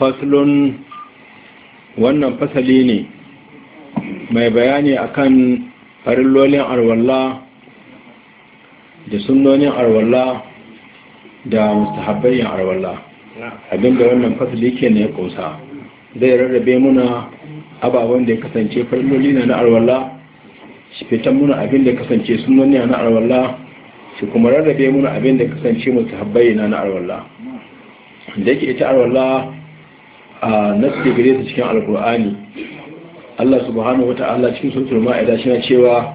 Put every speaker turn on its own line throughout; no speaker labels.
faslun wannan fasali ne mai bayani akan farillolin arwalla da sunnonin arwalla da mustahabbayin arwalla abinda wannan fasali ke ne ya kusa zai rarrabe muna ababen da ya kasance farilloli na arwalla shi fitan muna abin da kasance sunoni na arwalla shi kuma rarrabe muna abin da kasance mustahabbayin na arwalla da yake ita arwalla a nasu gare ta cikin alkur'ani Allah subhanahu wa ta'ala cikin suratul ma'ida shi na cewa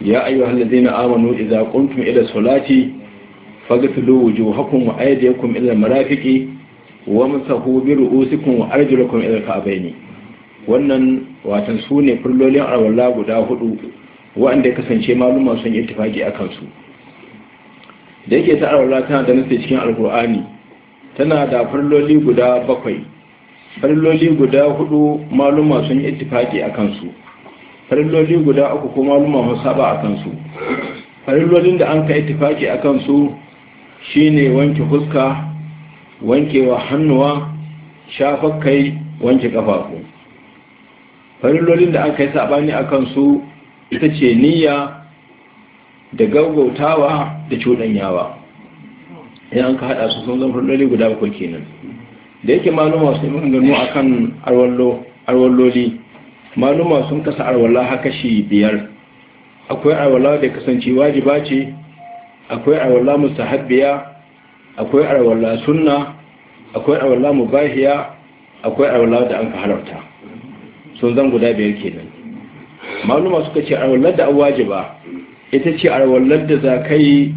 ya ayyuhal na amanu idza qumtum ila salati faghsilu wujuhakum wa aydiyakum ila marafiqi masahu bi ru'usikum wa arjulakum ila ka'baini wannan watan sune furlolin arwalla guda hudu ya kasance maluma sun yi tafaki akan su da yake ta arwalla tana da nasi cikin alkur'ani tana da furloli guda bakwai farilloli guda hudu maluma sun yi ittifaki a kansu farilloli guda uku ko maluma mun saba a kansu farillolin da an ka ittifaki a kansu shine wanke fuska wankewa hannuwa shafar kai wanke kafafu farillolin da an aka yi ne a kansu ita ce niyya da gaggautawa da cuɗanyawa idan ka haɗa su sun zama farilloli guda uku kenan da yake maluma sun gano a kan arwalloli maluma sun kasa arwalla haka shi biyar akwai arwalla da kasance wajiba ce akwai arwalla mustahabbiya akwai arwalla sunna akwai arwalla mubahiya akwai arwalla da an fahararta sun zan guda biyar kenan maluma suka ce arwallar da an wajiba ita ce arwallar da za ka yi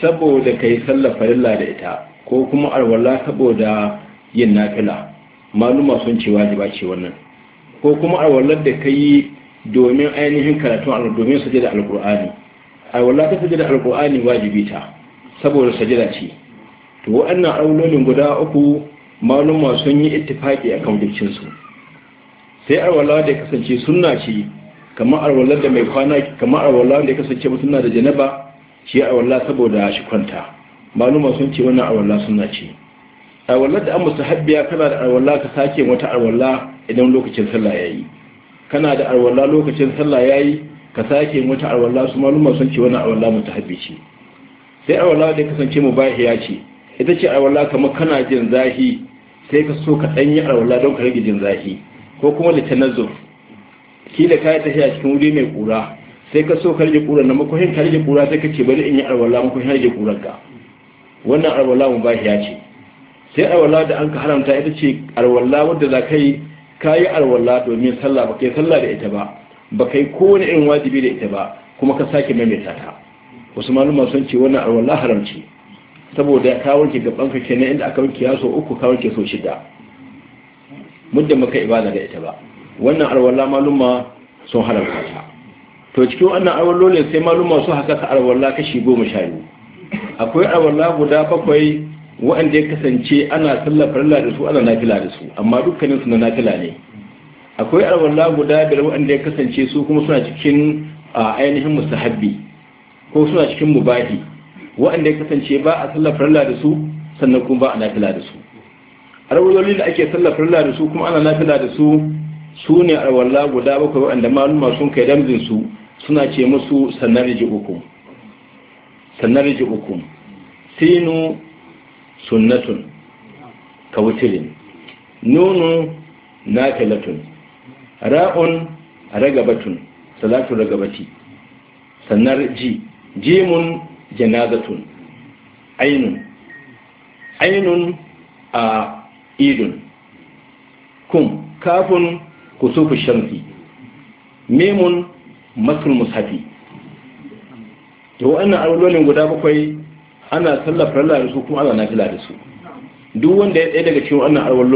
saboda ka yi sallar lalla da ita ko kuma arwalla saboda yin nafila maluma sun ce wajiba ce wannan ko kuma a wallar da ka yi domin ainihin karatun alwallar domin sajada alkur'ani wallar ta sajada alkur'ani wajibi ta saboda sajada ce to waɗannan alwallolin guda uku maluma sun yi ittifaki a kan su sai wallar da ya kasance sunna ce kamar a da mai kwana kamar da ya kasance suna da janaba shi wallar saboda shi kwanta maluma sun ce wannan a wallar sunna ce arwallar da an musu habbiya kana da arwallar ka sake wata arwallar idan lokacin sallah ya yi kana da arwallar lokacin sallah ya yi ka sake wata arwallar su malumar sun ce wani arwallar mutu habbi ce sai arwallar da ya kasance mu bahiya ce ita ce arwallar kamar kana jin zahi sai ka so ka ɗanyi arwallar don ka rage jin zahi ko kuma da tanazzur kila ka yi tafiya cikin wuri mai kura sai ka so ka rage kura na makwahin ka rage kura sai ka ce bari in yi arwallar makwahin rage kurar wannan arwallar mu bahiya ce sai alwala da an ka haramta ita ce alwala wadda za ka yi ka yi alwala domin sallah ba kai sallah da ita ba ba kai kowane irin wajibi da ita ba kuma ka sake maimaita ta wasu maluma sun ce wannan alwala haramci saboda ka wanke gaban ka kenan inda aka wanke yaso uku ka wanke so shida muddin ka ibada da ita ba wannan alwala maluma sun haramta ta to cikin wannan alwalolin sai maluma su haka ka alwala kashi goma sha biyu akwai alwala guda bakwai wa'anda ya kasance ana sallar Allah da su ana nafila da su amma dukkanin su na nafila ne akwai alwala guda biyar wa'anda ya kasance su kuma suna cikin ainihin mustahabbi ko suna cikin mubahi wa'anda ya kasance ba a sallar Allah da su sannan kuma ba a nafila da su alwaloli da ake sallar Allah da su kuma ana nafila da su su ne alwala guda bakwai wa'anda maluma sun kai damzin su suna ce musu sannan riji uku sannan rijiyar uku sinu sunnatun ka wutilin nunu nafilatun ra'un ragabatun salatu ragabati sannar ji jimun janazatun ainun ainun a idun kum kafin kusufu shamsi memun masul musafi da wa'annan alwalolin guda bakwai ana sallafa lalata su kuma ana nafila da su duk wanda ya tsaye daga cikin wannan